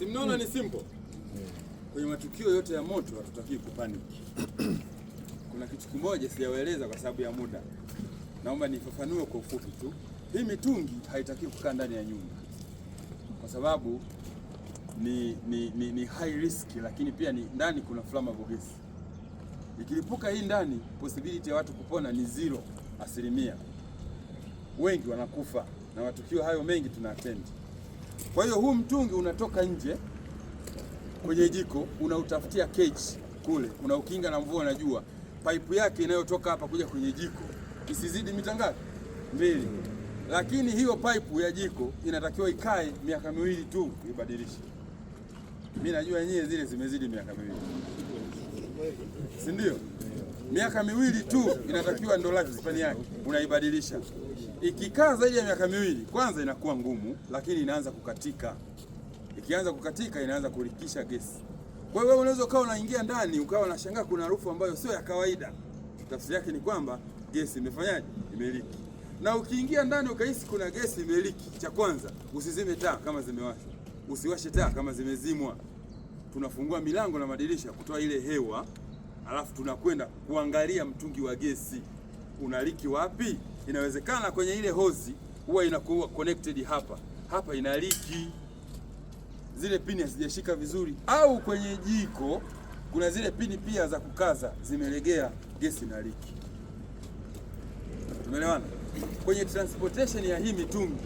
simnaona ni simple. Kwenye matukio yote ya moto hatutaki kupanic. Kuna kitu kimoja sijaeleza kwa sababu ya muda, naomba nifafanue kwa ufupi tu. Hii mitungi haitaki kukaa ndani ya nyumba kwa sababu ni, ni, ni, ni high risk, lakini pia ni ndani kuna flammable gas. Ikilipuka hii ndani, possibility ya watu kupona ni zero asilimia, wengi wanakufa, na matukio hayo mengi tunaatendi. Kwa hiyo huu mtungi unatoka nje kwenye jiko, unautafutia cage kule, unaukinga na mvua na jua. Pipe yake inayotoka hapa kuja kwenye jiko isizidi mita ngapi? Mbili. Lakini hiyo pipe ya jiko inatakiwa ikae miaka miwili tu ibadilishe. Mimi najua yenyewe zile zimezidi miaka miwili, si ndio? Miaka miwili tu inatakiwa, ndo lifespan yake unaibadilisha. Ikikaa zaidi ya miaka miwili, kwanza inakuwa ngumu, lakini inaanza kukatika. Ikianza kukatika, inaanza kurikisha gesi. Kwa hiyo unaweza ukawa unaingia ndani ukawa unashangaa kuna harufu ambayo sio ya kawaida. Tafsiri yake ni kwamba gesi imefanyaje? Imeliki. Na ukiingia ndani ukahisi kuna gesi imeliki, cha kwanza usizime taa kama zimewashwa, usiwashe taa kama zimezimwa. Tunafungua milango na madirisha kutoa ile hewa, alafu tunakwenda kuangalia mtungi wa gesi unaliki wapi inawezekana kwenye ile hozi huwa inakuwa connected hapa hapa, ina liki, zile pini hazijashika vizuri, au kwenye jiko kuna zile pini pia za kukaza zimelegea, gesi ina liki. Tumeelewana? Kwenye transportation ya hii mitungi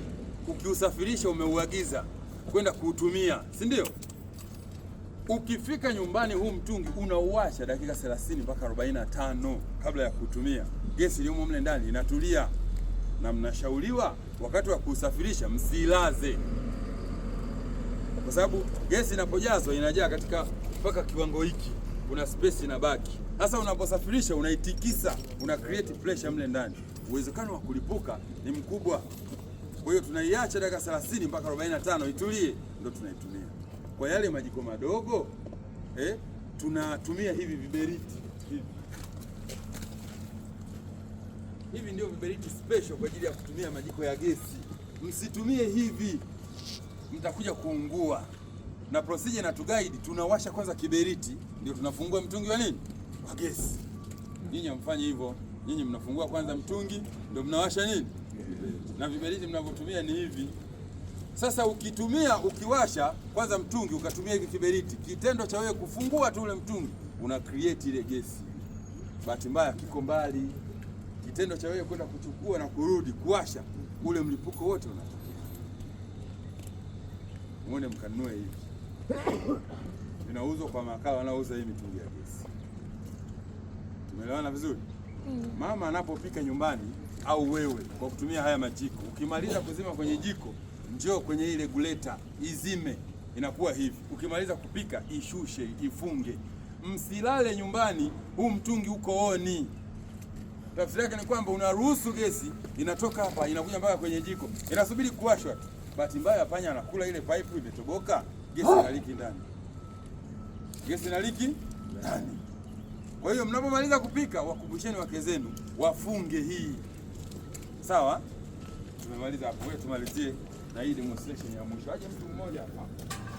ukiusafirisha, umeuagiza kwenda kuutumia, si ndio? Ukifika nyumbani huu mtungi unauacha dakika 30 mpaka 45 kabla ya kutumia. Gesi iliyomo mle ndani inatulia, na mnashauriwa wakati wa kusafirisha msilaze, kwa sababu gesi inapojazwa inajaa katika mpaka kiwango hiki, kuna space inabaki. Sasa unaposafirisha unaitikisa, una create pressure mle ndani, uwezekano wa kulipuka ni mkubwa. Kwa hiyo tunaiacha dakika 30 mpaka 45 itulie, ndio tunaitumia kwa yale majiko madogo eh, tunatumia hivi viberiti hivi hivi, ndio viberiti special kwa ajili ya kutumia majiko ya gesi. Msitumie hivi, mtakuja kuungua. Na procedure na guide, tunawasha kwanza kiberiti, ndio tunafungua mtungi wa nini wa gesi. Nyinyi hamfanyi hivyo, nyinyi mnafungua kwanza mtungi, ndio mnawasha nini, na viberiti mnavyotumia ni hivi. Sasa ukitumia ukiwasha kwanza mtungi ukatumia hivi kiberiti, kitendo cha wewe kufungua tu ule mtungi una create ile gesi. Bahati mbaya kiko mbali, kitendo cha wewe kwenda kuchukua na kurudi kuwasha, ule mlipuko wote unatokea. Muone mkanue hivi, inauzwa kwa makao anauza hii mitungi ya gesi. Tumeelewana vizuri? Mm. Mama anapopika nyumbani au wewe kwa kutumia haya majiko, ukimaliza kuzima kwenye jiko njoo kwenye hii regulator izime, inakuwa hivi. Ukimaliza kupika ishushe, ifunge. Msilale nyumbani, huu mtungi uko oni. Tafsiri yake ni kwamba unaruhusu gesi inatoka hapa inakuja mpaka kwenye jiko, inasubiri kuwashwa Bahati mbaya panya anakula ile pipe, imetoboka, gesi ah! inaliki ndani, gesi inaliki ndani. Kwa hiyo mnapomaliza kupika, wakumbusheni wake zenu wafunge hii, sawa. Tumemaliza hapo, wewe tumalizie na hii demonstration ya mwisho aje mtu mmoja hapa